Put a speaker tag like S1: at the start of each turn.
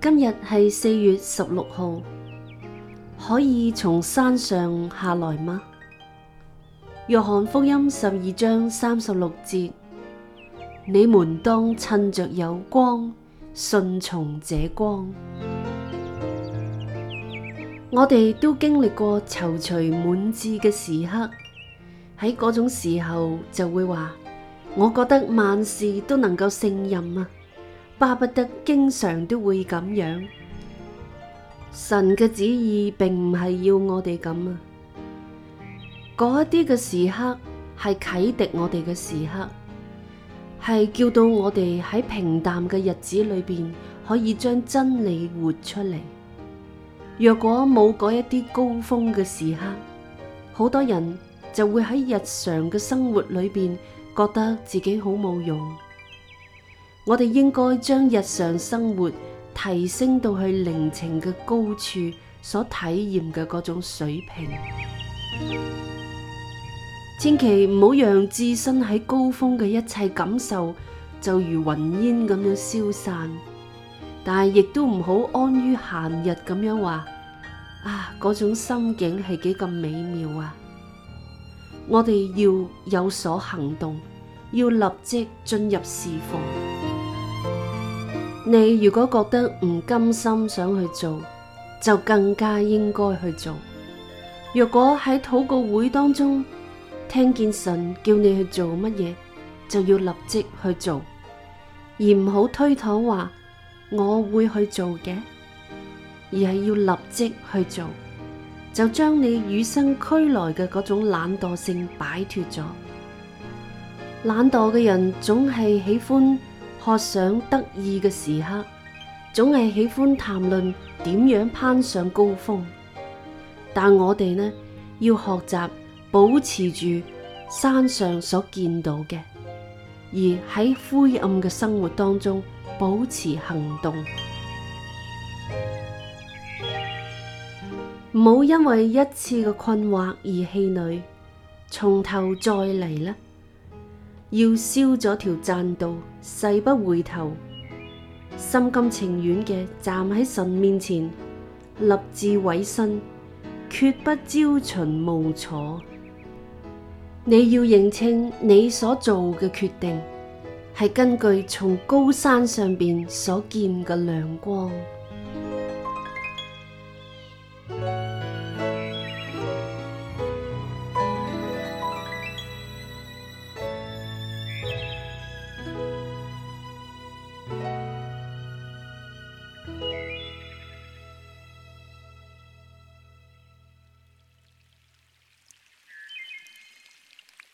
S1: 今日係四月十六號，可以從山上下來嗎？約翰福音十二章三十六節：你們當趁着有光，順從這光。 我哋都經歷過躊躇滿志嘅時刻，喺嗰種時候就會話：我覺得萬事都能夠勝任啊！巴不得經常都會咁樣，神嘅旨意並唔係要我哋咁啊！嗰啲嘅時刻係啟迪我哋嘅時刻，係叫到我哋喺平淡嘅日子裏邊可以將真理活出嚟。若果冇嗰一啲高峰嘅時刻，好多人就會喺日常嘅生活裏邊覺得自己好冇用。我哋應該將日常生活提升到去靈情嘅高處，所體驗嘅嗰種水平，千祈唔好讓置身喺高峰嘅一切感受就如雲煙咁樣消散。但係亦都唔好安於閒日咁樣話，啊，嗰種心境係幾咁美妙啊！我哋要有所行動，要立即進入侍奉。你如果覺得唔甘心想去做，就更加應該去做。若果喺禱告會當中聽見神叫你去做乜嘢，就要立即去做，而唔好推搪話我會去做嘅，而係要立即去做，就將你與生俱來嘅嗰種懶惰性擺脫咗。懶惰嘅人總係喜歡。學想得意嘅時刻，總係喜歡談論點樣攀上高峰。但我哋呢，要學習保持住山上所見到嘅，而喺灰暗嘅生活當中保持行動，唔好 因為一次嘅困惑而氣餒，從頭再嚟啦。要燒咗條棧道，誓不回頭，心甘情願嘅，站喺神面前，立志毀身，決不朝秦暮楚。你要認清你所做嘅決定，係根據從高山上邊所見嘅亮光。